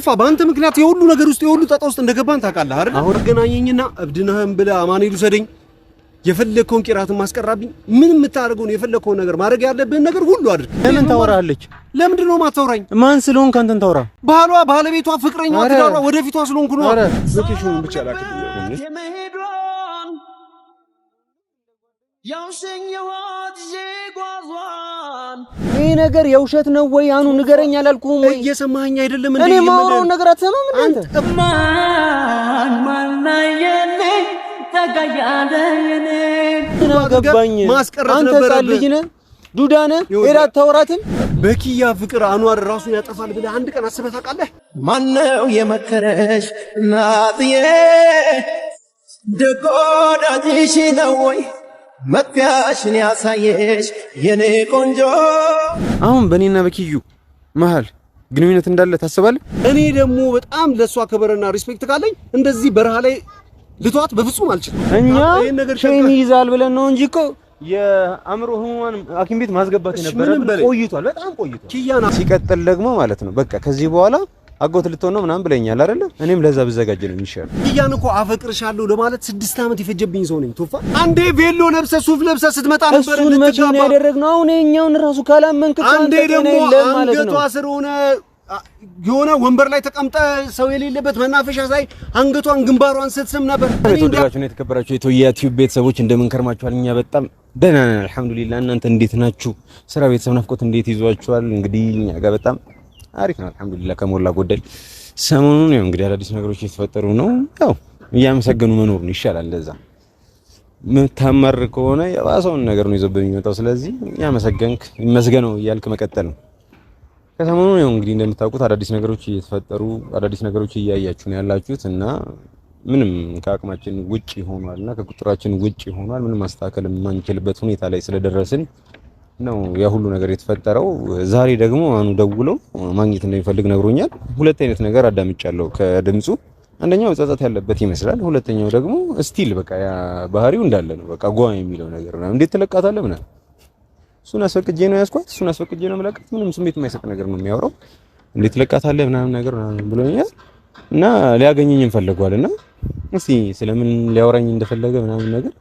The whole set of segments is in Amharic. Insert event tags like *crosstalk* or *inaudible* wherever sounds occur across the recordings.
አልፋ በአንተ ምክንያት የሁሉ ነገር ውስጥ የሁሉ ጣጣ ውስጥ እንደገባን ታውቃለህ አይደል? አሁን ገናኘኝና እብድነህም ብለህ አማኑኤል ውሰደኝ፣ የፈለግከውን ቂራትን ማስቀራብኝ፣ ምን የምታደርገውን የፈለግከውን ነገር ማድረግ ያለብህን ነገር ሁሉ አድርግ። ለምን ታወራለች? ለምንድን ነው ማታወራኝ? ማን ስለሆንክ አንተን ታወራ? ባሏ፣ ባለቤቷ፣ ፍቅረኛዋ፣ ትዳሯ፣ ወደፊቷ ስለሆንኩ ነው። ብቻ ላክ ይሄ ነገር የውሸት ነው ወይ? አኑ ንገረኝ አላልኩህም ወይ? እየሰማኸኝ አይደለም እንዴ? እኔ የማወራውን ነገር አትሰማም እንዴ? ማን ማን የኔ ተጋያለ የኔ ገባኝ። ማስቀረት ነበር ልጅ ነህ ዱዳ ነህ። ሄዳ አታወራትም። በኪያ ፍቅር አኗር ራሱን ያጠፋል ብለህ አንድ ቀን አስበህ ታውቃለህ? ማነው የመከረሽ ናትዬ ደጎዳጅሽ ነው ወይ መጥፊያሽን ያሳየሽ የኔ ቆንጆ። አሁን በእኔና በኪዩ መሀል ግንኙነት እንዳለ ታስባለ። እኔ ደግሞ በጣም ለእሷ ክብርና ሪስፔክት ካለኝ እንደዚህ በረሃ ላይ ልቷት በፍጹም አልችልም። እኛ ሸይን ይይዛል ብለን ነው እንጂ እኮ የአእምሮ ህሙማን ሐኪም ቤት ማስገባት የነበረ ቆይቷል፣ በጣም ቆይቷል። ኪያና ሲቀጥል ደግሞ ማለት ነው በቃ ከዚህ በኋላ አጎት ልትሆን ነው ምናምን ብለኛል አይደለ? እኔም ለዛ ብዘጋጅ ነው የሚሻል። እያን እኮ አፈቅርሻለሁ ለማለት ስድስት ዓመት የፈጀብኝ ሰው ነኝ። ቶፋ አንዴ ቬሎ ለብሰ ሱፍ ለብሰ ስትመጣ ነበር እንትን እሱን መቼ ነው ያደረግነው? አሁን የኛውን ራሱ ካላመንክ አንዴ ደግሞ አንገቷ ስር ሆነ የሆነ ወንበር ላይ ተቀምጠ ሰው የሌለበት መናፈሻ ሳይ አንገቷን ግንባሯን ስትስም ነበር። የተወደዳችሁና የተከበራችሁ የዩቲዩብ ቤተሰቦች እንደምን ከርማችኋል? እኛ በጣም ደህና ነን አልሐምዱሊላህ። እናንተ እንዴት ናችሁ? ስራ፣ ቤተሰብ፣ ናፍቆት እንዴት ይዟችኋል? እንግዲህ እኛ ጋር በጣም አሪፍ ነው፣ አልሐምዱሊላህ ከሞላ ጎደል። ሰሞኑን ያው እንግዲህ አዳዲስ ነገሮች እየተፈጠሩ ነው። ያው እያመሰገኑ መኖር ነው ይሻላል። ለዛ ምታመር ከሆነ የባሰውን ነገር ነው ይዘብ የሚመጣው። ስለዚህ እያመሰገንክ ይመስገነው እያልክ መቀጠል ነው። ከሰሞኑን ያው እንግዲህ እንደምታውቁት አዳዲስ ነገሮች እየተፈጠሩ አዳዲስ ነገሮች እያያችሁ ነው ያላችሁት እና ምንም ከአቅማችን ውጪ ሆኗልና ከቁጥራችን ውጪ ሆኗል። ምንም ማስተካከል የማንችልበት ሁኔታ ላይ ስለደረስን ነው ያ ሁሉ ነገር የተፈጠረው። ዛሬ ደግሞ አኑ ደውለው ማግኘት እንደሚፈልግ ነግሮኛል። ሁለት አይነት ነገር አዳምጫለሁ ከድምፁ። አንደኛው ጸጸት ያለበት ይመስላል። ሁለተኛው ደግሞ ስቲል በቃ ያ ባህሪው እንዳለ ነው። በቃ ጓ የሚለው ነገር ነው። እንዴት ትለቃታለህ ምናምን። እሱን አስፈቅጄ ነው ያስኳት፣ እሱን አስፈቅጄ ነው መለቃት። ምንም ስሜት የማይሰጥ ነገር ነው የሚያወራው። እንዴት ትለቃታለህ ምናምን ነገር ብሎኛል። እና ሊያገኘኝ እንፈልጓልና እስቲ ስለምን ሊያወራኝ እንደፈለገ ምናምን ነገር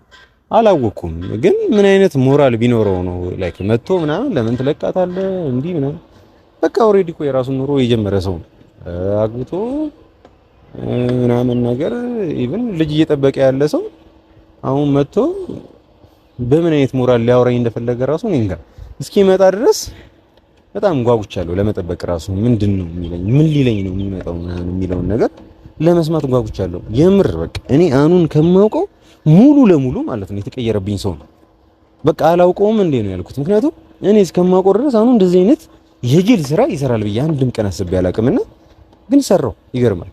አላወኩም። ግን ምን አይነት ሞራል ቢኖረው ነው ላይክ መጥቶ ምናምን ለምን ትለቃታለህ እንዲህ ምናምን። በቃ ኦልሬዲ እኮ የራሱን ኑሮ የጀመረ ሰው ነው አግብቶ ምናምን ነገር ኢቭን ልጅ እየጠበቀ ያለ ሰው አሁን መጥቶ በምን አይነት ሞራል ሊያወራኝ እንደፈለገ ራሱ እኔ እንጃ። እስኪመጣ ድረስ በጣም ጓጉቻለሁ ለመጠበቅ ራሱ ምንድን ነው የሚለኝ ምን ሊለኝ ነው የሚመጣው ምናምን የሚለውን ነገር ለመስማት ጓጉቻለሁ። የምር በቃ እኔ አኑን ከማውቀው ሙሉ ለሙሉ ማለት ነው የተቀየረብኝ ሰው ነው። በቃ አላውቀውም እንዴ ነው ያልኩት። ምክንያቱም እኔ እስከማውቀው ድረስ አሁን እንደዚህ አይነት የጅል ስራ ይሰራል ብዬ አንድም ቀን አስቤ አላውቅምና ግን ሰራው። ይገርማል፣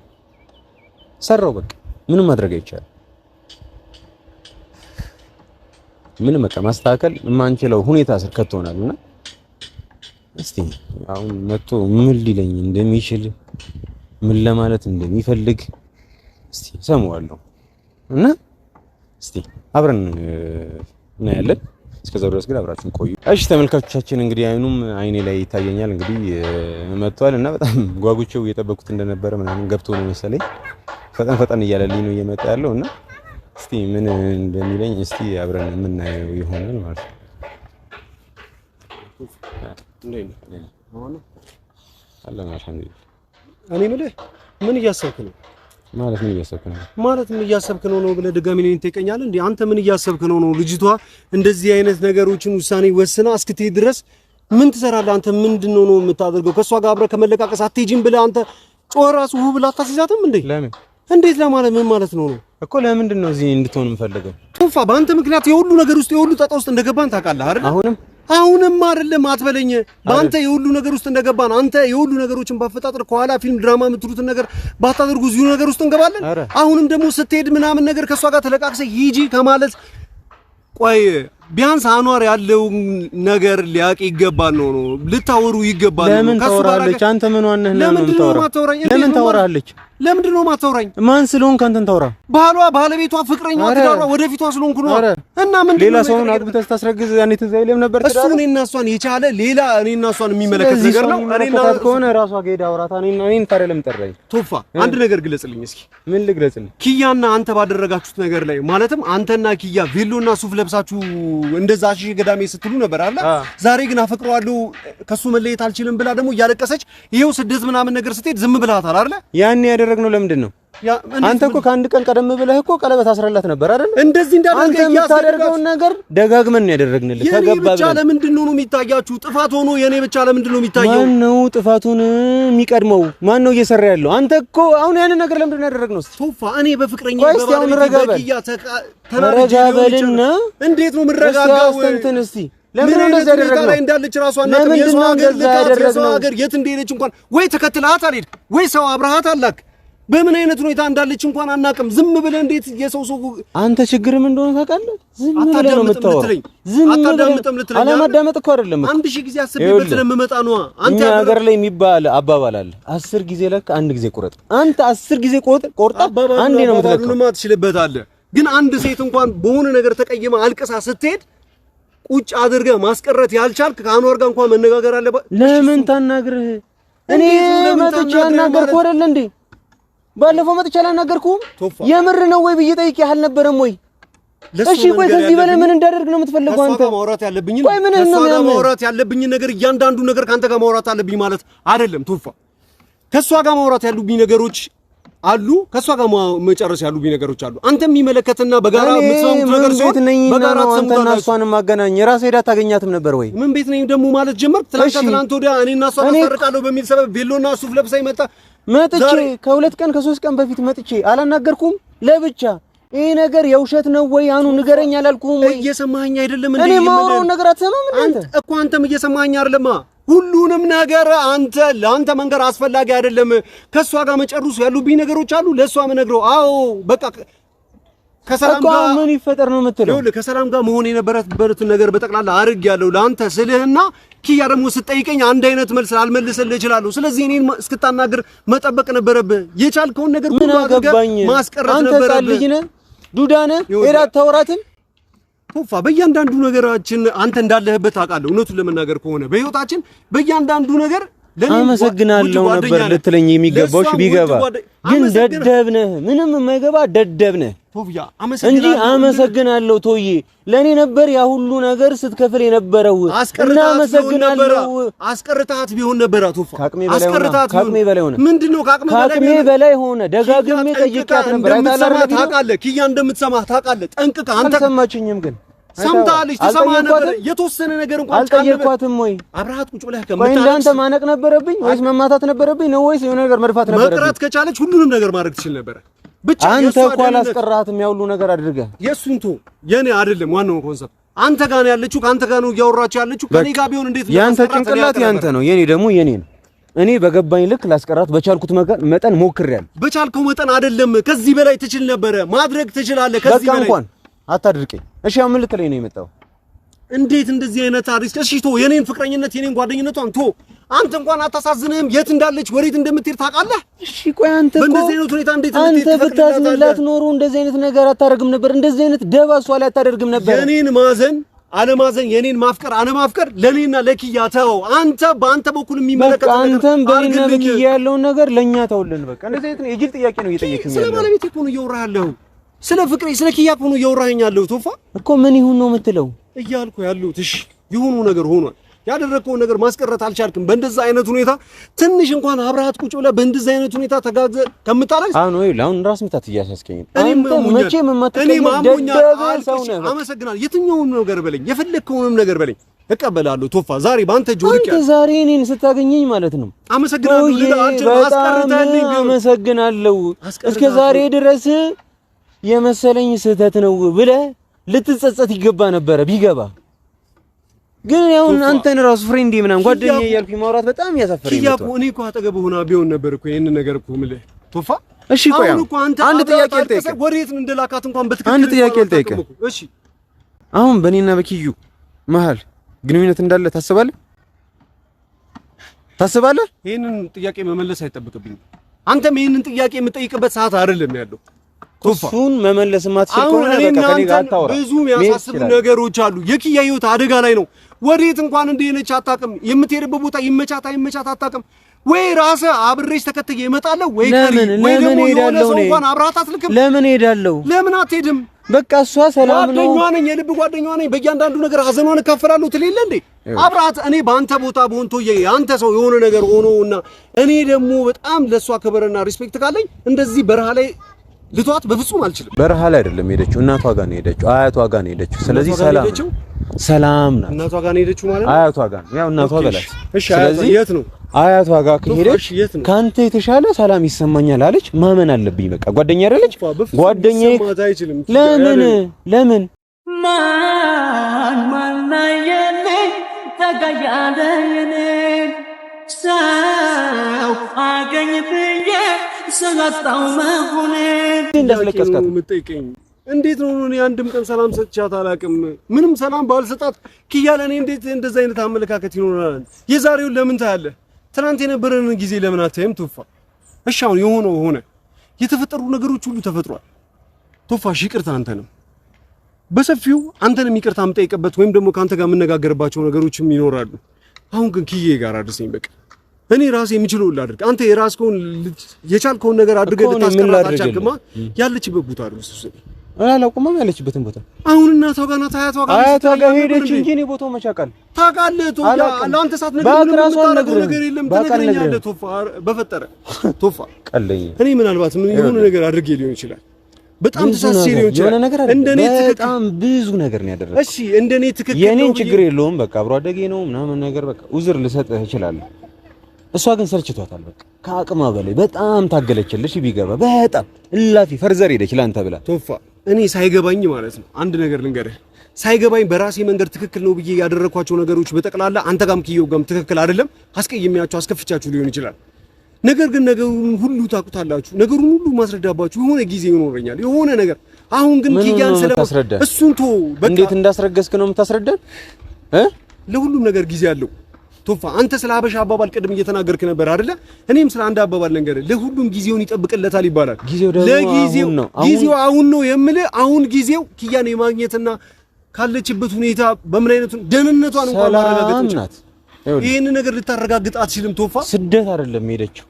ሰራው። በቃ ምንም ማድረግ አይቻልም። ምንም በቃ ማስተካከል የማንችለው ሁኔታ ስር ከቶናልና እስቲ አሁን መጥቶ ምን ሊለኝ እንደሚችል ምን ለማለት እንደሚፈልግ እስቲ ሰማዋለሁ እና እስቲ አብረን እናያለን። እስከዛ ድረስ ግን አብራችሁን ቆዩ። እሺ ተመልካቾቻችን፣ እንግዲህ አይኑም አይኔ ላይ ይታየኛል። እንግዲህ መጥቷል እና በጣም ጓጉቼው እየጠበኩት እንደነበረ ምናምን ገብቶ ነው መሰለኝ ፈጠን ፈጠን እያለልኝ ነው እየመጣ ያለው እና እስቲ ምን እንደሚለኝ እስቲ አብረን የምናየው ይሆናል ማለት ነው። አልሐምዱሊላህ። እኔ የምልህ ምን እያሰብክ ነው? ማለት ምን እያሰብክ ነው? ማለት ምን እያሰብክ ነው ነው ብለህ ድጋሚ ነው ትቀኛለህ እንዴ? አንተ ምን እያሰብክ ነው ነው? ልጅቷ እንደዚህ አይነት ነገሮችን ውሳኔ ወስና እስክትሄድ ድረስ ምን ትሰራለህ አንተ? ምንድነው ነው የምታደርገው? ከእሷ ጋር አብረህ ከመለቃቀስ አትሄጂም ብለህ አንተ ጮህ እራሱ ውህ ብለህ አታስይዛትም እንዴ? ለምን እንዴት ለማለት ምን ማለት ነው ነው እኮ ለምንድን ነው እዚህ እንድትሆን የምፈልገው? ቶፋ በአንተ ምክንያት የሁሉ ነገር ውስጥ የሁሉ ጣጣ ውስጥ እንደገባን ታውቃለህ አይደል? አሁንም አሁንም አይደለም አትበለኝ። በአንተ የሁሉ ነገር ውስጥ እንደገባን አንተ የሁሉ ነገሮችን ባፈጣጥር ከኋላ ፊልም ድራማ የምትሉትን ነገር ባታደርጉ እዚሁ ነገር ውስጥ እንገባለን። አሁንም ደግሞ ስትሄድ ምናምን ነገር ከእሷ ጋር ተለቃቅሰ ሂጂ ከማለት ቆይ ቢያንስ አኗር ያለውን ነገር ሊያቅ ይገባል። ነው ነው ልታወሩ ይገባል። ለምን ታወራለች? አንተ ምን ዋነህ? ለምን ታወራለች? ለምን ታወራለች? ለምንድን ነው የማታወራኝ? ማን ስለሆንክ አንተን ታወራ? ባሏ፣ ባለቤቷ፣ ፍቅረኛ፣ ትዳሯ፣ ወደፊቷ ስለሆንኩ ነው። እና ምን ሌላ ሰውን አግብተህ ስታስረግዝ ያኔ ትዝ አይልም ነበር? እሱ እኔና እሷን የቻለ ሌላ እኔና እሷን የሚመለከት ነገር ነው። እኔ እና እሷ ከሆነ ራሷ ጋር አውራታ። እኔ እና እኔን ታዲያ ለምን ጠራኝ? ቶፋ አንድ ነገር ግለጽልኝ እስኪ። ምን ልግለጽልኝ? ኪያና አንተ ባደረጋችሁት ነገር ላይ ማለትም አንተና ኪያ ቬሎና ሱፍ ለብሳችሁ እንደዛ ሺ ገዳሜ ስትሉ ነበር አለ። ዛሬ ግን አፈቅረዋለሁ ከሱ መለየት አልችልም ብላ ደግሞ እያለቀሰች ይሄው ስደት ምናምን ነገር ስትሄድ ዝም ብላታል አለ። ያን ያደረግነው ለምንድን ነው? አንተ እኮ ከአንድ ቀን ቀደም ብለህ እኮ ቀለበት አስረላት ነበር አይደል? እንደዚህ እንዳደረገ የምታደርገውን ነገር ደጋግመን ነው ያደረግንልህ። ከገባ ብቻ ለምንድን ነው የሚታያችሁ ጥፋት ሆኖ የኔ ብቻ ለምንድን ነው የሚታየው? ማን ነው ጥፋቱን የሚቀድመው? ማን ነው እየሰራ ያለው? አንተ እኮ አሁን ያንን ነገር ለምንድን ነው ያደረግነው? እስቲ ቶፋ፣ እኔ በፍቅረኛ በባለቤት በጊያ ተናረጃበልና እንዴት ነው ምረጋጋው? አስተንትን እስቲ ለምን እንደዚህ ያደረግነው? ላይ እንዳለች ራሱ እናት የሷ ሀገር ሀገር የት እንደሄደች እንኳን ወይ ተከትላት አልሄድ ወይ ሰው አብረሃት አላክ በምን አይነት ሁኔታ እንዳለች እንኳን አናውቅም። ዝም ብለህ እንዴት የሰው ሰው አንተ ችግርም እንደሆነ ታውቃለህ። ዝም ብለህ ነው የምታወራው። ዝም ብለህ አለማዳመጥ እኮ አይደለም። አንድ ሺህ ጊዜ አስቤበት ስለምመጣ ነዋ። አንተ ሀገር ላይ የሚባል አባባል አለ። አስር ጊዜ ለካ አንድ ጊዜ ቁረጥ። አንተ አስር ጊዜ ቆርጥ ቆርጣ አንድ ነው የምትለካው። አለ። ግን አንድ ሴት እንኳን በሆነ ነገር ተቀይማ አልቅሳ ስትሄድ ቁጭ አድርገህ ማስቀረት ያልቻልክ ከአንዋር ጋር እንኳን መነጋገር አለበት። ለምን ታናግርህ? እኔ መጥቼ አናገርኩህ አይደል እንዴ ባለፈው መጥቼ አላናገርኩህም? የምር ነው ወይ ብዬ ጠይቄ አልነበረም ወይ? እሺ ቆይ ከዚህ በላይ ምን እንዳደርግ ነው የምትፈልገው አንተ? ማውራት ያለብኝ ቆይ ምን ነው ማውራት ያለብኝ ነገር እያንዳንዱ ነገር ካንተ ጋር ማውራት አለብኝ ማለት አይደለም ቶፋ። ከሷ ጋር ማውራት ያሉብኝ ነገሮች አሉ ከእሷ ጋር መጨረስ ያሉብኝ ነገሮች አሉ። አንተ የሚመለከትና በጋራ የምትሰሙት ነገር ሲሆን በጋራ አንተና እሷን ማገናኝ የራስ ሄዳ ታገኛትም ነበር ወይ? ምን ቤት ነኝ ደግሞ ማለት ጀመር። ትላንት ትላንት ወዲያ እኔና እሷ ታሰርቃለሁ በሚል ሰበብ ቤሎና ሱፍ ለብሳ ይመጣ መጥቼ ከሁለት ቀን ከሶስት ቀን በፊት መጥቼ አላናገርኩም ለብቻ ይህ ነገር የውሸት ነው ወይ? አኑ ንገረኝ አላልኩም ወይ? እየሰማኸኝ አይደለም እንዴ? እኔ ማውራውን ነገር አትሰማም እንዴ? አንተ እኮ አንተም እየሰማኸኝ አይደለማ ሁሉንም ነገር አንተ ለአንተ መንገር አስፈላጊ አይደለም። ከእሷ ጋር መጨረሱ ያሉብኝ ነገሮች አሉ፣ ለእሷ መነግረው። አዎ በቃ ከሰላም ጋር ምን ይፈጠር ነው የምትለው? ከሰላም ጋር መሆን የነበረበትን ነገር በጠቅላላ ያለው ለአንተ ስልህና ኪያ ደግሞ ስጠይቀኝ አንድ አይነት መልስ አልመልስልህ እችላለሁ። ስለዚህ እኔን እስክታናግር መጠበቅ ነበረብህ። የቻልከውን ነገር ሁሉ አድርገህ ማስቀረት ነበረብህ። አንተ ልጅ ነህ፣ ዱዳ ነህ። ኤላ አታወራትም ቶፋ በእያንዳንዱ ነገራችን አንተ እንዳለህበት አውቃለሁ። እውነቱን ለመናገር ከሆነ በህይወታችን በእያንዳንዱ ነገር አመሰግናለሁ ነበር ልትለኝ የሚገባው ቢገባ ግን ደደብ ነህ፣ ምንም የማይገባ ደደብ ነህ እንጂ አመሰግናለሁ ቶዬ፣ ለኔ ነበር ያ ሁሉ ነገር ስትከፍል የነበረው እና አመሰግናለሁ። አስቀርታት ቢሆን ነበር አቶፋ፣ ከአቅሜ በላይ ሆነ። ምንድነው ከአቅሜ በላይ ሆነ? ደጋግሜ ጠይቄያት ነበር። ታውቃለህ፣ ኪያ እንደምትሰማህ ታውቃለህ ጠንቅቀህ። አንተ አልሰማችኝም ግን ሰምታለች ተሰማ ነበር። የተወሰነ ነገር እንኳን አልጠየኳትም ወይ አብረሃት ቁጭ ብለህ ወይ እንዳንተ ማነቅ ነበረብኝ ወይስ መማታት ነበረብኝ ነው ወይስ የሆነ ነገር መድፋት ነበረብኝ? መቅረት ከቻለች ሁሉንም ነገር ማድረግ ትችል ነበረ። ብቻ አንተ እኮ አላስቀራትም። ያው ሁሉ ነገር አድርገህ የእሱን ቶ የኔ አይደለም ዋናው ኮንሰፕት አንተ ጋር ነው ያለችው። ከአንተ ጋር ነው እያወራችሁ ያለችው። ከኔ ጋር ቢሆን እንዴት ነው? ያንተ ጭንቅላት ያንተ ነው፣ የኔ ደግሞ የኔ ነው። እኔ በገባኝ ልክ ላስቀራት በቻልኩት መጠን ሞክሬያለሁ። በቻልከው መጠን አይደለም፣ ከዚህ በላይ ትችል ነበረ፣ ማድረግ ትችላለህ። ከዚህ በላይ እንኳን አታድርቀኝ እሺ ያው ምን ልትለኝ ነው የመጣው? እንዴት እንደዚህ አይነት አሪስ እሺ የኔን ፍቅረኝነት የኔን ጓደኝነቷን ቶ አንተ እንኳን አታሳዝንህም? የት እንዳለች ወዴት እንደምትሄድ ታውቃለህ? እሺ ቆይ አንተ እኮ በእንደዚህ አይነት ሁኔታ እንዴት አንተ ብታዝንላት ኖሮ እንደዚህ አይነት ነገር አታደርግም ነበር። እንደዚህ አይነት ደባ እሷ ላይ አታደርግም ነበር። የኔን ማዘን አለማዘን የኔን ማፍቀር አለማፍቀር ለኔና ለኪያ ተው። አንተ በአንተ በኩል የሚመለከት ነገር አንተም በኔና በኪያ ያለውን ነገር ለኛ ተውልን። በቃ እንደዚህ አይነት የጅል ጥያቄ ነው እየጠየቅኝ ያለው። ስለ ባለቤት እኮ ነው እያወራህ ያለው ስለ ፍቅሬ ስለ ኪያፕ ሆኖ እያወራኸኝ ያለሁት ቶፋ እኮ ምን ይሁን ነው የምትለው እያልኩ ያለሁት እሺ ይሁኑ ነገር ሆኗል ያደረግከውን ነገር ማስቀረት አልቻልክም በእንደዛ አይነት ሁኔታ ትንሽ እንኳን አብረሃት ቁጭ ብለህ በእንደዛ አይነት ሁኔታ ተጋዘ ከምታላሽ አሁን ወይ ለአሁን ራስ ምታት እያሳስከኝ እኔም መቼም እኔም አሞኛል አመሰግናለሁ የትኛውም ነገር በለኝ የፈለግከውንም ነገር በለኝ እቀበላለሁ ቶፋ ዛሬ ባንተ እጅ ወድቄ አንተ ዛሬ እኔን ስታገኘኝ ማለት ነው። አመሰግናለሁ። ለአንተ አስቀርታለሁ። አመሰግናለሁ እስከ ዛሬ ድረስ የመሰለኝ ስህተት ነው ብለ ልትጸጸት ይገባ ነበረ ቢገባ ግን ያው አንተን ራሱ ፍሬንዴ ምናምን ጓደኛ እያልኩኝ ማውራት በጣም ያሳፈረኝ ነው። እኔ እኮ አጠገብ ሆና ቢሆን ነበር እኮ ይሄን ነገር እኮ የምልህ ቶፋ። እሺ ቆይ አንድ ጥያቄ ልጠይቅህ። ወዴት እንደላካት እንኳን በትክክል አንድ ጥያቄ ልጠይቅህ። እሺ አሁን በእኔና በኪዩ መሀል ግንኙነት እንዳለ ታስባለህ? ታስባለህ? ይሄንን ጥያቄ መመለስ አይጠብቅብኝም። አንተም ይሄንን ጥያቄ የምጠይቅበት ሰዓት አይደለም ያለው እሱን መመለስ ማትችል ከሆነ ብዙ የሚያሳስቡ ነገሮች አሉ። የኪያ ህይወት አደጋ ላይ ነው። ወዴት እንኳን እንደሄነች አታውቅም። የምትሄድበት ቦታ ይመቻት አይመቻት አታውቅም። ወይ ራስ አብሬሽ ተከትዬ እመጣለሁ ወይ ለምን ለምን ደግሞ ነው እንኳን አብረሃት አትልክም። ለምን ሄዳለሁ? ለምን አትሄድም? በቃ እሷ ሰላም ነው። ጓደኛዋ ነኝ፣ የልብ ጓደኛዋ ነኝ። በእያንዳንዱ ነገር አዘኗን እካፈላለሁ ትል የለ እንዴ? አብረሃት እኔ በአንተ ቦታ ቦንቶ ቶዬ አንተ ሰው የሆነ ነገር ሆኖ እና እኔ ደግሞ በጣም ለእሷ ክብርና ሪስፔክት ካለኝ እንደዚህ በረሃ ላይ ልቷት በፍጹም አልችልም። በረሃ ላይ አይደለም ሄደችው፣ እናቷ ጋር ነው ሄደችው፣ አያቷ ጋር ነው ሄደችው። ስለዚህ ሰላም ነው ሰላም ናት። እናቷ ጋር ነው ሄደችው ማለት ነው። አያቷ ጋር ነው ያው እናቷ በላች። ስለዚህ የት ነው አያቷ ጋር ከሄደች ካንተ የተሻለ ሰላም ይሰማኛል አለች። ማመን አለብኝ። በቃ ጓደኛ አይደለች ጓደኛ። ለምን ለምን ማን ማን የኔ ተጋያለ የኔ ሰው አገኝ ብዬ እንዴት ነው? እኔ አንድም ቀን ሰላም ሰጥቻት አላውቅም። ምንም ሰላም ባልሰጣት ኪያ ለእኔ እንዴት አይነት አመለካከት ይኖራል? የዛሬውን ለምን ታያለህ? ትናንት የነበረን ጊዜ ለምን አታይም? ቶፋ እሺ፣ አሁን የሆነው ሆነ። የተፈጠሩ ነገሮች ሁሉ ተፈጥሯል። ቶፋሽ ይቅርታ አንተንም በሰፊው አንተንም ይቅርታ የምጠይቅበት ወይም ደግሞ ከአንተ ጋር የምነጋገርባቸው ነገሮችም ይኖራሉ። አሁን ግን ኪዬ ጋር አድርሰኝ በቃ። እኔ ራሴ የምችለው ላድርግ። አንተ የራስህን የቻልከውን ነገር አድርገህ ልታስቀራት አልቻልክማ። ያለችበት ቦታ አይደል እሱ አላውቅም ያለችበትን ቦታ አሁን እናቷ ጋር ናት። አያቷ ጋር አያቷ ጋር ሄደች እንጂ እኔ ቦታው መቼ አውቃለሁ። ታውቃለህ። ቶፋ ለአንተ ሳትነግረኝ ነገር ነገር ነገር የለም ትነግረኛለህ። ቶፋ በፈጠረ ቶፋ ቀለኝ። እኔ ምናልባት ምን የሆነ ነገር አድርጌ ሊሆን ይችላል በጣም ተሳስቼ ሊሆን ይችላል። ነገር እንደኔ በጣም ብዙ ነገር ነው ያደረገው። እሺ እንደኔ ትክክል የኔን ችግር የለውም። በቃ አብሮ አደጌ ነው ምናምን ነገር በቃ ኡዝር ልሰጥህ እችላለሁ እሷ ግን ሰርችቷታል። በቃ ከአቅማ በላይ በጣም ታገለችልሽ። ቢገባ በጣም እላፊ ፈርዘር ሄደች ላንተ ብላ ቶፋ። እኔ ሳይገባኝ ማለት ነው አንድ ነገር ልንገርህ፣ ሳይገባኝ በራሴ መንገድ ትክክል ነው ብዬ ያደረኳቸው ነገሮች በጠቅላላ አንተ ጋም ኪየው ጋም ትክክል አይደለም። አስቀይሜያቸው አስከፍቻችሁ ሊሆን ይችላል። ነገር ግን ነገሩን ሁሉ ታውቁታላችሁ። ነገሩን ሁሉ ማስረዳባችሁ የሆነ ጊዜ ይኖረኛል የሆነ ነገር። አሁን ግን ኪያን ስለማስረዳ እሱን ቶ በቃ እንዴት እንዳስረገስክ ነው የምታስረዳን እ ለሁሉም ነገር ጊዜ አለው። ቶፋ አንተ ስለ አበሻ አባባል ቅድም እየተናገርክ ነበር አይደለ? እኔም ስለ አንድ አባባል ነገር ለሁሉም ጊዜውን ይጠብቅለታል ይባላል። ጊዜው ለጊዜው ጊዜው አሁን ነው የምልህ። አሁን ጊዜው ኪያን የማግኘትና ካለችበት ሁኔታ በምን አይነቱ ደህንነቷን እንኳን ማረጋገጥ ናት። ይሄን ነገር ልታረጋግጥ አትችልም ቶፋ። ስደት አይደለም ሄደችው፣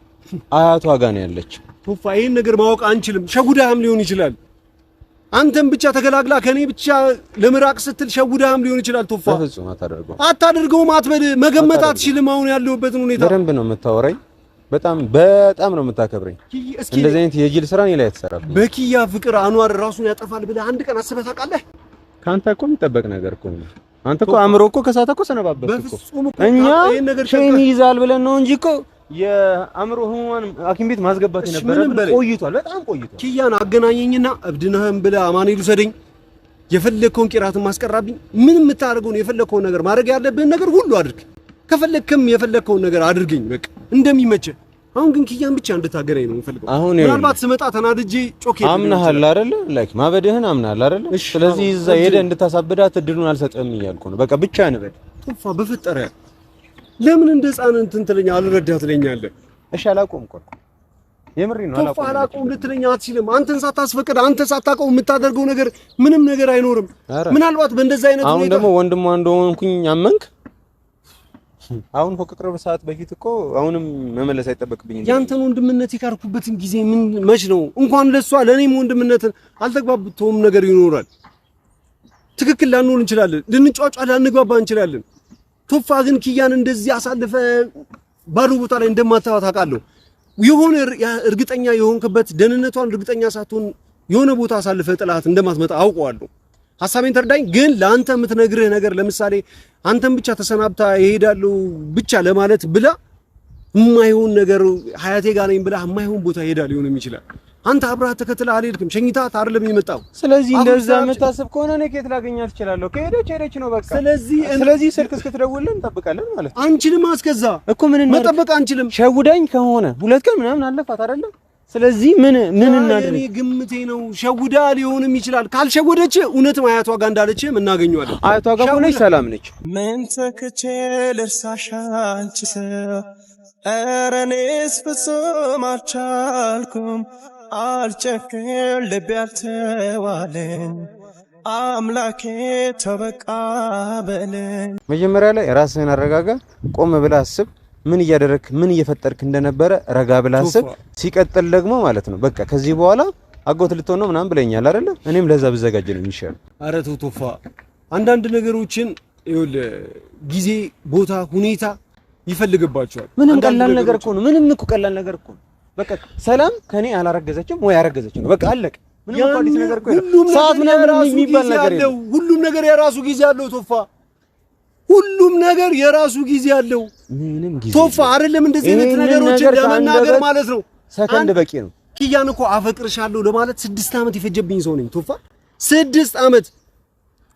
አያቷ ጋር ነው ያለችው ቶፋ። ይሄን ነገር ማወቅ አንችልም። ሸጉዳህም ሊሆን ይችላል አንተም ብቻ ተገላግላ ከኔ ብቻ ለምራቅ ስትል ሸውዳም ሊሆን ይችላል። ቶፋ በፍጹም አታደርገውም፣ አታደርገውም አትበል። መገመት አትችልም። አሁን ያለሁበትን ሁኔታ በደንብ ነው የምታወራኝ። በጣም በጣም ነው የምታከብረኝ። እንደዚህ አይነት የጅል ስራ እኔ ላይ አትሰራብኝ። በኪያ ፍቅር አኗር ራሱን ያጠፋል ብለህ አንድ ቀን አስበህ ታውቃለህ? ከአንተ እኮ የሚጠበቅ ነገር እኮ ነው። አንተ እኮ አእምሮ እኮ ከሳተ እኮ ሰነባበት እኮ እኛ ነገር ሸይን ይይዛል ብለን ነው እንጂ እኮ የአእምሮ ህሙማን ሐኪም ቤት ማስገባት የነበረ ቆይቷል፣ በጣም ቆይቷል። ኪያን አገናኘኝና እብድነህን ብለ አማኑኤል ውሰደኝ፣ የፈለግከውን ቂራትን ማስቀራብኝ፣ ምን ነው? የፈለግከውን ነገር ማድረግ ያለብህን ነገር ሁሉ አድርግ፣ ከፈለግክም የፈለግከውን ነገር አድርገኝ፣ በቃ እንደሚመቸህ። አሁን ግን ኪያን ብቻ እንድታገናኝ ነው የምፈልገው። አሁን ምናልባት ስመጣ ተናድጄ ጮኬ አምናሃል አይደለ? ላይክ ማበድህን አምናሃል አይደለ? ስለዚህ እዛ ሄደህ እንድታሳብዳት እድሉን አልሰጥህም እያልኩ ነው። በቃ ብቻ ንበል። ጥፋ፣ በፈጠረ ለምን እንደ ህፃን እንትን ትለኛ አልረዳ ትለኛለህ? እሺ አላቆም ቆል የምሪ ነው አላቆም አላቆም ልትለኛ አትችልም። አንተን ሳታስፈቅድ አንተ ሳታቆም የምታደርገው ነገር ምንም ነገር አይኖርም። ምናልባት በእንደዛ አይነት አሁን ደግሞ ወንድሟ እንደሆንኩኝ አመንክ። አሁን ከቅርብ ሰዓት በፊት እኮ አሁንም መመለስ አይጠበቅብኝ። ያንተን ወንድምነት የካርኩበትን ጊዜ ምን መች ነው? እንኳን ለሷ ለኔም ወንድምነትን አልተግባብቶም ነገር ይኖራል። ትክክል ላንሆን እንችላለን። ልንጫጫ ላንግባባ እንችላለን። ቶፋ ግን ኪያን እንደዚህ አሳልፈ ባዶ ቦታ ላይ እንደማታዋት አውቃለሁ። የሆነ እርግጠኛ የሆንክበት ደህንነቷን እርግጠኛ ሳትሆን የሆነ ቦታ አሳልፈ ጥላት እንደማትመጣ አውቀዋለሁ። ሀሳቤን ተርዳኝ። ግን ለአንተ የምትነግርህ ነገር ለምሳሌ አንተን ብቻ ተሰናብታ ይሄዳሉ ብቻ ለማለት ብላ የማይሆን ነገር ሀያቴ ጋር ነኝ ብላ የማይሆን ቦታ ይሄዳል ሊሆንም ይችላል። አንተ አብረህ ተከትለህ አልሄድክም፣ ሸኝታት አይደለም የመጣው። ስለዚህ እንደዛ የምታስብ ከሆነ እኔ ከየት ላገኛት እችላለሁ? ከሄደች ሄደች ነው በቃ። ስለዚህ ስለዚህ ስልክ እስክትደውልልህ እንጠብቃለን ማለት ነው። አንችልም፣ አስከዛ እኮ ምን መጠበቅ አንችልም። ሸውዳኝ ከሆነ ሁለት ቀን ምናምን አለፋት አይደለም። ስለዚህ ምን ምን እናድርግ? እኔ ግምቴ ነው ሸውዳ ሊሆንም ይችላል። ካልሸወደች እውነትም አያቷ ጋር እንዳለች እናገኘዋለን። አያቷ ጋር ሆነች ሰላም ነች። ምን ተክቼ ልርሳሽ አንቺ ሰው፣ ኧረ እኔስ ፍጹም አልቻልኩም አልጨክም ልቤ አምላኬ ተበቃ በለኝ። መጀመሪያ ላይ ራስህን አረጋጋ፣ ቆም ብላ አስብ። ምን እያደረግክ ምን እየፈጠርክ እንደነበረ ረጋ ብላ አስብ። ሲቀጥል ደግሞ ማለት ነው በቃ ከዚህ በኋላ አጎት ልትሆን ነው ምናምን ብለኛል አይደለ? እኔም ለዛ ብዘጋጅ ነው የሚሻል። ኧረ ተው ቶፋ፣ አንዳንድ ነገሮችን ይኸውልህ ጊዜ ቦታ ሁኔታ ይፈልግባቸዋል። ምንም ቀላል ነገር እኮ ነው። ምንም እኮ ቀላል ነገር እኮ ነው በቃ ሰላም ከኔ አላረገዘችም ወይ አረገዘች ነው በቃ አለቀ። ምንም ነገር የሚባል ነገር የለም። ሁሉም ነገር የራሱ ጊዜ አለው ቶፋ ሁሉም ነገር የራሱ ጊዜ አለው። ምንም ጊዜ ቶፋ አይደለም እንደዚህ አይነት ነገሮች ለመናገር ማለት ነው። ሰከንድ በቂ ነው። ኪያን እኮ አፈቅርሻለሁ ለማለት ስድስት ዓመት የፈጀብኝ ሰው ነኝ ቶፋ፣ ስድስት ዓመት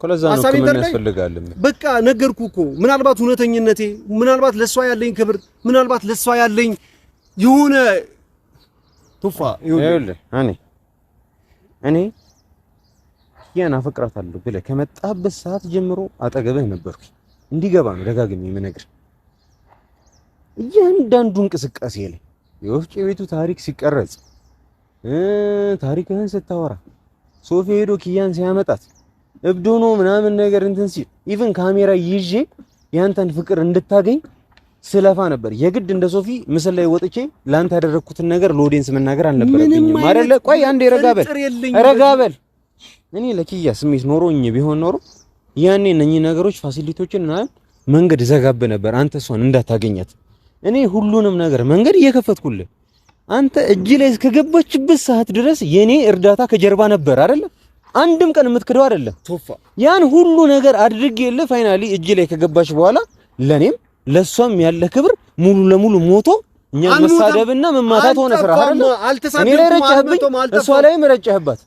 ኮለዛ ነው የሚያስፈልጋል። በቃ ነገርኩ እኮ ምናልባት እውነተኝነቴ፣ ምናልባት ለሷ ያለኝ ክብር፣ ምናልባት ለሷ ያለኝ የሆነ ቱፋ ይኸውልህ፣ እኔ እኔ ያን አፈቅራታለሁ ብለህ ከመጣህበት ሰዓት ጀምሮ አጠገብህ ነበርኩ። እንዲገባ ነው ደጋግሜ የምነግርህ። እያንዳንዱ እንቅስቃሴ ላይ የወፍጭ ቤቱ ታሪክ ሲቀረጽ፣ ታሪክህን ስታወራ፣ ሶፊ ሄዶ ኪያን ሲያመጣት እብዶ ነው ምናምን ነገር እንትን ሲል ኢቭን ካሜራ ይዤ ያንተን ፍቅር እንድታገኝ ስለፋ ነበር የግድ እንደ ሶፊ ምስል ላይ ወጥቼ ላንተ ያደረግኩትን ነገር ለኦዲየንስ መናገር አልነበረብኝም አይደለ ቆይ አንዴ ረጋበል ረጋበል እኔ ለኪያ ስሜት ኖሮኝ ቢሆን ኖሮ ያኔ እነኚህ ነገሮች ፋሲሊቲዎችን እና መንገድ ዘጋብ ነበር አንተ እሷን እንዳታገኛት እኔ ሁሉንም ነገር መንገድ እየከፈትኩልህ አንተ እጅ ላይ እስከገባችበት ሰዓት ድረስ የኔ እርዳታ ከጀርባ ነበር አይደለ አንድም ቀን የምትክደው አይደለም ያን ሁሉ ነገር አድርጌልህ ፋይናሊ እጅ ላይ ከገባች በኋላ ለኔም ለሷም ያለ ክብር ሙሉ ለሙሉ ሞቶ እኛ መሳደብና መማታት ሆነ ስራ አይደል? እኔ ላይ ረጨህብኝ፣ እሷ ላይም ረጨህባት።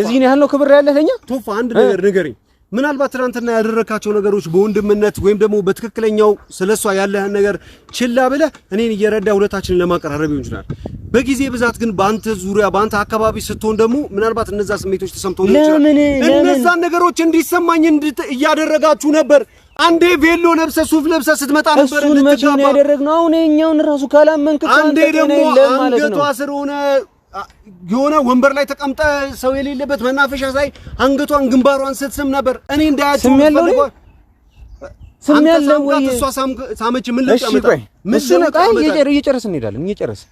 የዚህን ያህል ነው ክብር ያለህ? ለኛ? ቶፋ፣ አንድ ነገር ንገረኝ። ምናልባት ትናንትና ያደረካቸው ነገሮች በወንድምነት ወይም ደግሞ በትክክለኛው ስለሷ ያለህን ነገር ችላ ብለህ እኔን እየረዳ ሁለታችንን ለማቀራረብ ይሆን ይችላል። በጊዜ ብዛት ግን በአንተ ዙሪያ በአንተ አካባቢ ስትሆን ደግሞ ምናልባት እነዛ ስሜቶች ተሰምተው ይችላል። እነዛን ነገሮች እንዲሰማኝ እያደረጋችሁ ነበር። አንዴ ቬሎ ለብሰ ሱፍ ለብሰ ስትመጣ ነበር። እሱን መቼ ነው ያደረግነው? አሁን እኛውን ራሱ ካላመንክ አንዴ ደግሞ አንገቷ ስር ሆነ የሆነ ወንበር ላይ ተቀምጠ ሰው የሌለበት መናፈሻ ሳይ አንገቷን ግንባሯን ስትስም ነበር። እኔ እንዳያችሁ ፈልጎ ስም ያለው ወይ እሷ ሳመች ምን ልጨምጣ ምን ልጨምጣ እየጨረስን እንሄዳለን። እየጨረስን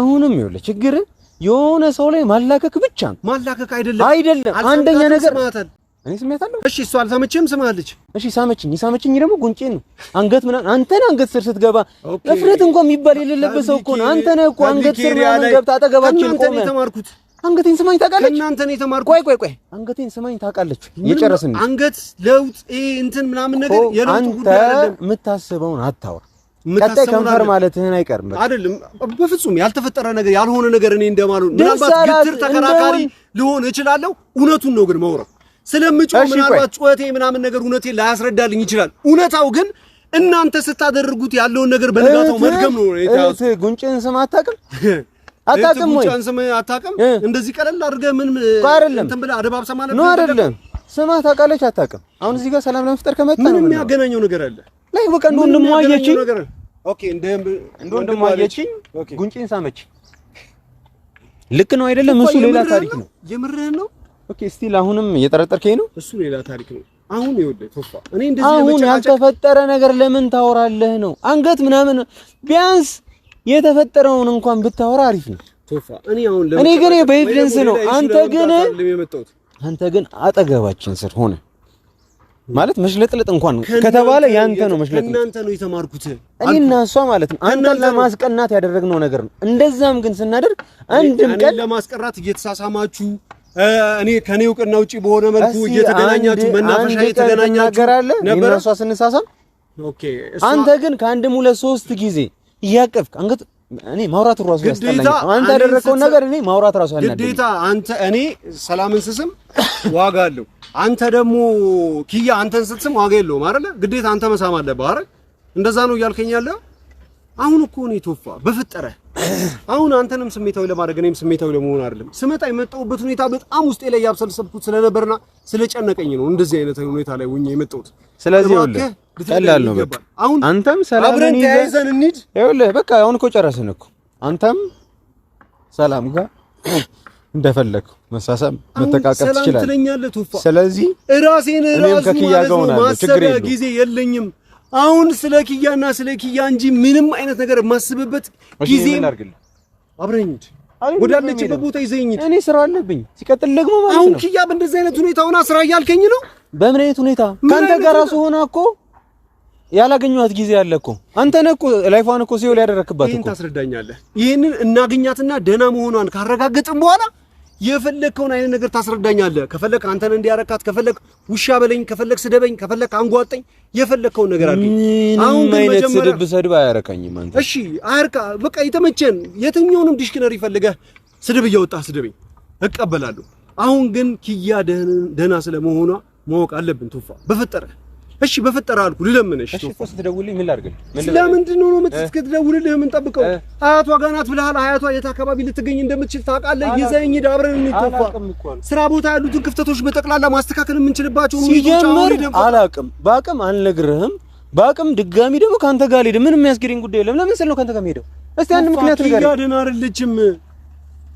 አሁንም ይወለ ችግር የሆነ ሰው ላይ ማላከክ ብቻ ነው። ማላከክ አይደለም አይደለም። አንደኛ ነገር እኔ ስሜት አለው። እሺ እሷ አልሳመችህም? ስማለች። እሺ ሳመችኝ። የሳመችኝ ደግሞ ጉንጬ ነው። አንገት ምናምን አንተን አንገት ስር ስትገባ እፍረት እንኳን የሚባል የሌለበት ሰው እኮ ነው። አንተ አንተን እኮ አንገት ስር ምናምን ገብታ አጠገባችን ቆመ። አንገቴን ስማኝ ታውቃለች። እናንተ ነው የተማርኩት። ቆይ ቆይ ቆይ፣ አንገቴን ስማኝ ታውቃለች። እየጨረስን አንገት ለውጥ ይሄ እንትን ምናምን ነገር የለውጥ ጉዳይ አይደለም። አንተ የምታስበውን አታውራ። ቀጣይ ከንፈር ማለትህን አይቀርም። አይደለም በፍጹም ያልተፈጠረ ነገር ያልሆነ ነገር እኔ እንደማሉ ምናልባት ግትር ተከራካሪ ልሆን እችላለሁ። እውነቱን ነው ግን መውራት ስለምጮ ምናልባት ጩኸቴ ምናምን ነገር እውነቴ ላያስረዳልኝ ይችላል። እውነታው ግን እናንተ ስታደርጉት ያለውን ነገር በንጋታው መድገም ነው። ጉንጭን ስም አታውቅም አታውቅም ወይ ጉንጭን ስም አታውቅም? እንደዚህ ቀለል አድርገህ ምን አይደለም ብለህ አደባብ ሰማለ ነው አይደለም? ስማ ታውቃለች አታውቅም? አሁን እዚህ ጋር ሰላም ለመፍጠር ከመጣ ምን የሚያገናኘው ነገር አለ? ላይ በቃ እንደ ወንድሟ አየችኝ። ኦኬ እንደ እንደ ወንድሟ አየችኝ፣ ጉንጭን ሳመች። ልክ ነው አይደለም? እሱ ሌላ ታሪክ ነው። የምርህን ነው ኦኬ ስቲል አሁንም እየጠረጠርከኝ ነው። እሱ ሌላ ታሪክ ነው። አሁን ይኸውልህ ቶፋ፣ እኔ እንደዚህ አሁን ያልተፈጠረ ነገር ለምን ታወራለህ ነው? አንገት ምናምን ቢያንስ የተፈጠረውን እንኳን ብታወራ አሪፍ ነው ቶፋ። እኔ አሁን ለምን እኔ ግን በኤቪደንስ ነው። አንተ ግን አንተ ግን አጠገባችን ስር ሆነ ማለት መሽለጥለጥ እንኳን ከተባለ ያንተ ነው መሽለጥለጥ። እናንተ ነው የተማርኩት እኔና እሷ ማለት ነው። አንተን ለማስቀናት ያደረግነው ነገር ነው። እንደዛም ግን ስናደርግ አንድም ቀን ለማስቀራት እየተሳሳማችሁ እኔ ከኔ እውቅና ውጪ በሆነ መልኩ እየተገናኛችሁ መናፈሻ እየተገናኛችሁ ነበር። እሷ ስንሳሳም ኦኬ። አንተ ግን ከአንድም ሁለት ሶስት ጊዜ እያቀፍክ አንገት እኔ ማውራት ራሱ ያስጠላኝ። አንተ ያደረከውን ነገር እኔ ማውራት ራሱ ያናደኝ። ግዴታ አንተ እኔ ሰላምን ስስም *coughs* ዋጋ አለው። አንተ ደግሞ ኪያ አንተን ስትስም ዋጋ የለውም አይደለ? ግዴታ አንተ መሳም አለብህ አይደል? እንደዛ ነው እያልከኝ ያለው። አሁን እኮ እኔ ቶፋ በፈጠረ አሁን አንተንም ስሜታዊ ለማድረግ እኔም ስሜታዊ ለመሆን አይደለም። ስመጣ የመጣሁበት ሁኔታ በጣም ውስጤ ላይ ያብሰልሰብኩት ስለነበርና ስለጨነቀኝ ነው እንደዚህ አይነት ሁኔታ ላይ ሆኜ የመጣሁት። ስለዚህ ይኸውልህ ቀላል ነው። በቃ አሁን አንተም ሰላም ሰላምን ይዘን እንሂድ። ይኸውልህ በቃ አሁን እኮ ጨረስን እኮ አንተም ሰላም ጋር እንደፈለግ መሳሳም መተቃቀፍ ትችላለህ። ስለዚህ ራሴን ራሴን ማሰቢያ ጊዜ የለኝም። አሁን ስለ ኪያና ስለ ኪያ እንጂ ምንም አይነት ነገር የማስብበት ጊዜ አብረኝ ወዳለች ቦታ ይዘኝ። እኔ ስራ አለብኝ። ሲቀጥል ደግሞ ማለት አሁን ኪያ በእንደዚህ አይነት ሁኔታ ሆና ስራ እያልከኝ ነው? በምን አይነት ሁኔታ? ከአንተ ጋር ራሱ ሆና እኮ ያላገኘኋት ጊዜ አለ እኮ። አንተ ነህ እኮ ላይፏን እኮ ሲሆን ያደረክባት እኮ። ይሄን ታስረዳኛለህ? ይሄንን እናገኛትና ደህና መሆኗን ካረጋገጥን በኋላ የፈለግከውን አይነት ነገር ታስረዳኛለህ። ከፈለክ አንተን እንዲያረካት፣ ከፈለክ ውሻ በለኝ፣ ከፈለክ ስደበኝ፣ ከፈለክ አንጓጠኝ፣ የፈለግከውን ነገር አድርገኝ። አሁን ግን አይነት ስድብ ስድብ አያረካኝም። አንተ እሺ አያርካ፣ በቃ የተመቸን የትኛውንም ዲሽክነሪ ፈልገህ ስድብ እየወጣህ ስደበኝ፣ እቀበላለሁ። አሁን ግን ኪያ ደህና ስለመሆኗ ማወቅ አለብን። ቶፋ በፈጠረ እሺ በፈጠረ አልኩ ልለምንሽ። እሺ እኮ ስትደውልልኝ ምን ላድርግልህ? ለምንድን ነው ነው እስክትደውልልህ የምንጠብቀው? አያቷ ጋር ናት ብለሃል። አያቷ የት አካባቢ ልትገኝ እንደምትችል ታውቃለህ። ይዘኝ አብረን እንተፋ። ስራ ቦታ ያሉትን ክፍተቶች በጠቅላላ ማስተካከል የምንችልባቸው ነው። ሲጀምር አላውቅም፣ በአቅም አልነግርህም። በአቅም ድጋሚ ደግሞ ከአንተ ጋር ልሄድ ምን የሚያስገድኝ ጉዳይ የለም። ለምን ስል ነው ከአንተ ጋር የምሄደው? እስቲ አንድ ምክንያት ንገረኝ።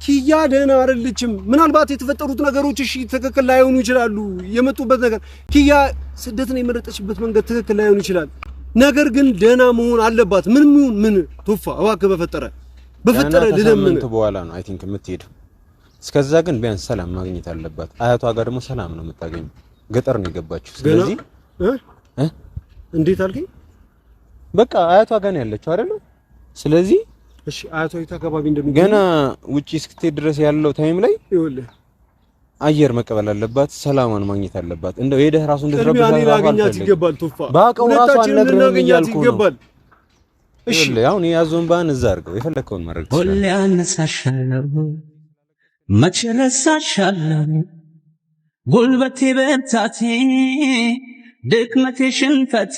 ኪያ ደህና አይደለችም። ምናልባት የተፈጠሩት ነገሮች እሺ ትክክል ላይሆኑ ይችላሉ። የመጡበት ነገር ኪያ ስደትን የመረጠችበት መንገድ ትክክል ላይሆን ይችላል። ነገር ግን ደህና መሆን አለባት። ምን ምን ምን ቶፋ እባክህ በፈጠረ በፈጠረ ልለምን በኋላ ነው አይ ቲንክ የምትሄደው። እስከዛ ግን ቢያንስ ሰላም ማግኘት አለባት። አያቷ ጋር ደግሞ ሰላም ነው የምታገኘው። ገጠር ነው የገባችው። ስለዚህ እንዴት አልከኝ? በቃ አያቷ ጋር ነው ያለችው አይደል? ስለዚህ እሺ አያቶይታ አካባቢ እንደሚገኝ ገና ውጪ እስክትሄድ ድረስ ያለው ታይም ላይ ይኸውልህ አየር መቀበል አለባት። ሰላማን ማግኘት አለባት። እንደው ሄደህ ራሱ እንድትረብሽ ላገኛት ይገባል። ቶፋ በአቀው ራሱ አልነግርህም እያልኩ ነው። እሺ አሁን የያዘውን ባህን እዛ አድርገው የፈለግከውን ማድረግ ሁሌ አነሳሻለሁ፣ መቼ ረሳሻለሁ፣ ጉልበቴ በእምታቴ ድክመቴ ሽንፈቴ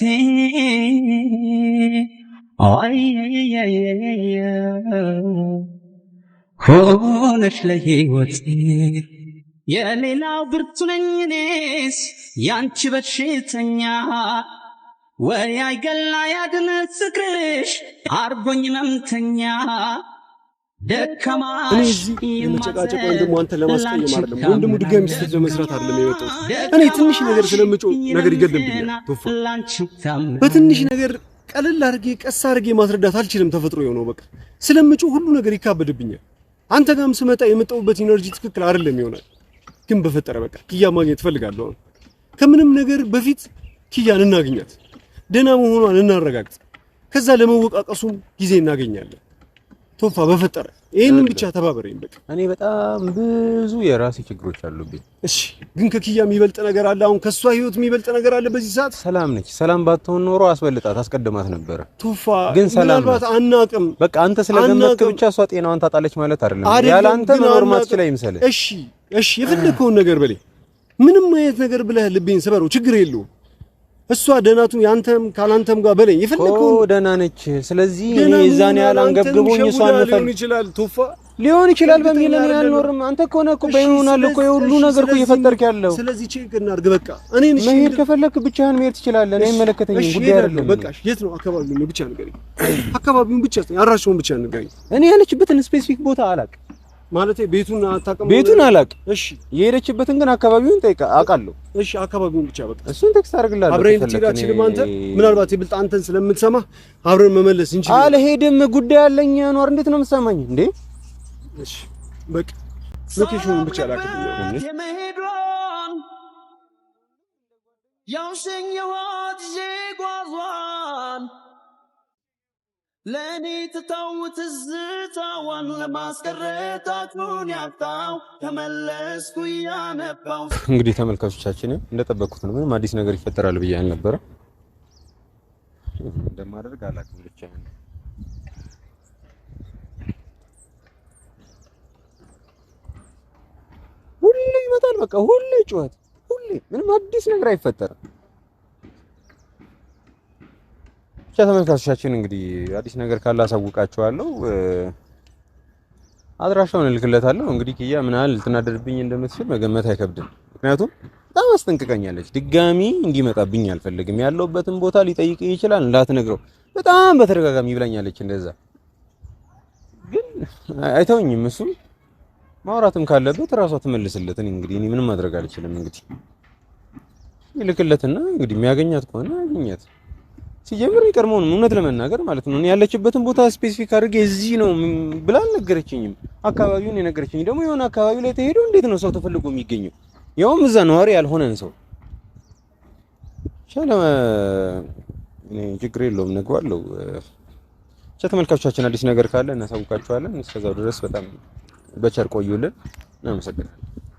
ሆነሽ ለህይወቴ የሌላው ብርቱ ነኝ እኔስ ያንቺ በሽተኛ ወይ አይገላ ያድን ፍቅርሽ አርጎኝ መምተኛ ደከማሽ ወንድሙ አንተ ለማስቀየም ወንድሙ ድጋሚ ስህተት ለመስራት የመጣሁት እኔ ትንሽ ነገር ስለምጮ ነገር በትንሽ ነገር ቀልል አድርጌ ቀስ አድርጌ ማስረዳት አልችልም። ተፈጥሮ የሆነው በቃ ስለምጩ ሁሉ ነገር ይካበድብኛል። አንተ ጋርም ስመጣ የመጣሁበት ኢነርጂ ትክክል አይደለም ይሆናል፣ ግን በፈጠረ በቃ ኪያ ማግኘት እፈልጋለሁ። ከምንም ነገር በፊት ኪያን እናገኛት ደህና መሆኗን እናረጋግጥ። ከዛ ለመወቃቀሱም ጊዜ እናገኛለን። ቶፋ በፈጠረ ይህንን ብቻ ተባበረኝ። በቃ እኔ በጣም ብዙ የራሴ ችግሮች አሉብኝ። እሺ፣ ግን ከኪያ የሚበልጥ ነገር አለ። አሁን ከእሷ ህይወት የሚበልጥ ነገር አለ። በዚህ ሰዓት ሰላም ነች። ሰላም ባትሆን ኖሮ አስበልጣት፣ አስቀድማት ነበረ። ቶፋ ግን ሰላም ናት። አናቅም። በቃ አንተ ስለገመትክ ብቻ እሷ ጤናዋን ታጣለች ማለት አይደለም። ያለ አንተ መኖር ማትችል አይምሰልህ። እሺ፣ እሺ፣ የፈለግከውን ነገር በሌ ምንም አይነት ነገር ብለህ ልቤን ስበረው፣ ችግር የለውም እሷ ደህና ናቱ። ያንተም ካላንተም ጋር በለኝ ይፈልከው ደህና ነች። ስለዚህ እኔ የዛን ያህል አንገብግቦኝ እሷን ልፈልግ ይችላል ቱፋ ሊሆን ይችላል በሚል ነው ያልኖርም። አንተ እኮ ነህ እኮ በይሆናል እኮ የሁሉ ነገር እኮ እየፈጠርክ ያለው። ስለዚህ ቼክ እናድርግ በቃ። እኔ እሺ፣ መሄድ ከፈለክ ብቻህን መሄድ ትችላለህ። እኔ መለከተኝ ጉዳይ አይደለም። በቃ የት ነው አካባቢውን ብቻ ንገረኝ። አካባቢውን ብቻ አራሽውን ብቻ ንገረኝ። እኔ ያለችበትን ስፔሲፊክ ቦታ አላውቅም። ማለት ቤቱን አታውቅም? ቤቱን አላውቅም። እሺ፣ የሄደችበትን ግን አካባቢውን ጠይቀህ አውቃለሁ። እሺ፣ አካባቢውን ብቻ በቃ እሱን ቴክስት አድርግልሃለሁ። አብረን ትሄዳችልም። አንተ ምናልባት ይብልጥ አንተን ስለምትሰማ አብረን መመለስ እንጂ አልሄድም። ጉዳይ አለኝ ነው። እንዴት ነው የምትሰማኝ እንዴ? እሺ፣ በቃ ሎኬሽኑን ብቻ ላክልኝ። የመሄዷን ያውሸኝ የዋት ጓዟን ለእኔ ትታው ትዝታዋን ለማስቀረት ያጣው ተመለስኩ እያነባው። እንግዲህ ተመልካቾቻችን እንደጠበቅኩት ነው። ምንም አዲስ ነገር ይፈጠራል ብዬ አልነበረ እንደማደርግ አላውቅም። ብቻ ሁሌ ይመጣል። በቃ ሁሌ ጩኸት፣ ሁሌ ምንም አዲስ ነገር አይፈጠርም። ብቻ ተመልካቾቻችን እንግዲህ አዲስ ነገር ካለ አሳውቃችኋለሁ። አድራሻውን እልክለታለሁ። እንግዲህ ኪያ ምን ያህል ልትናደድብኝ እንደምትችል መገመት አይከብድም። ምክንያቱም በጣም አስጠንቅቀኛለች። ድጋሚ እንዲመጣብኝ አልፈልግም። ያለውበትን ቦታ ሊጠይቅ ይችላል እንዳትነግረው በጣም በተደጋጋሚ ይብላኛለች። እንደዛ ግን አይተውኝም። እሱ ማውራትም ካለበት እራሷ ትመልስለትን። እንግዲህ ምንም ማድረግ አልችልም። እንግዲህ ይልክለትና እንግዲህ የሚያገኛት ከሆነ አገኛት። ሲጀምር የቀድሞውን እውነት ለመናገር ማለት ነው ያለችበትን ቦታ ስፔሲፊክ አድርጌ እዚህ ነው ብላ አልነገረችኝም። አካባቢውን የነገረችኝ ደግሞ የሆነ አካባቢ ላይ ተሄዶ እንዴት ነው ሰው ተፈልጎ የሚገኘው? ያውም እዛ ነዋሪ ያልሆነን ሰው ቻለ ችግር የለውም ነግባለሁ። ቻ ተመልካቾቻችን አዲስ ነገር ካለ እናሳውቃችኋለን። እስከዛው ድረስ በጣም በቸር ቆዩልን። እናመሰግናለን።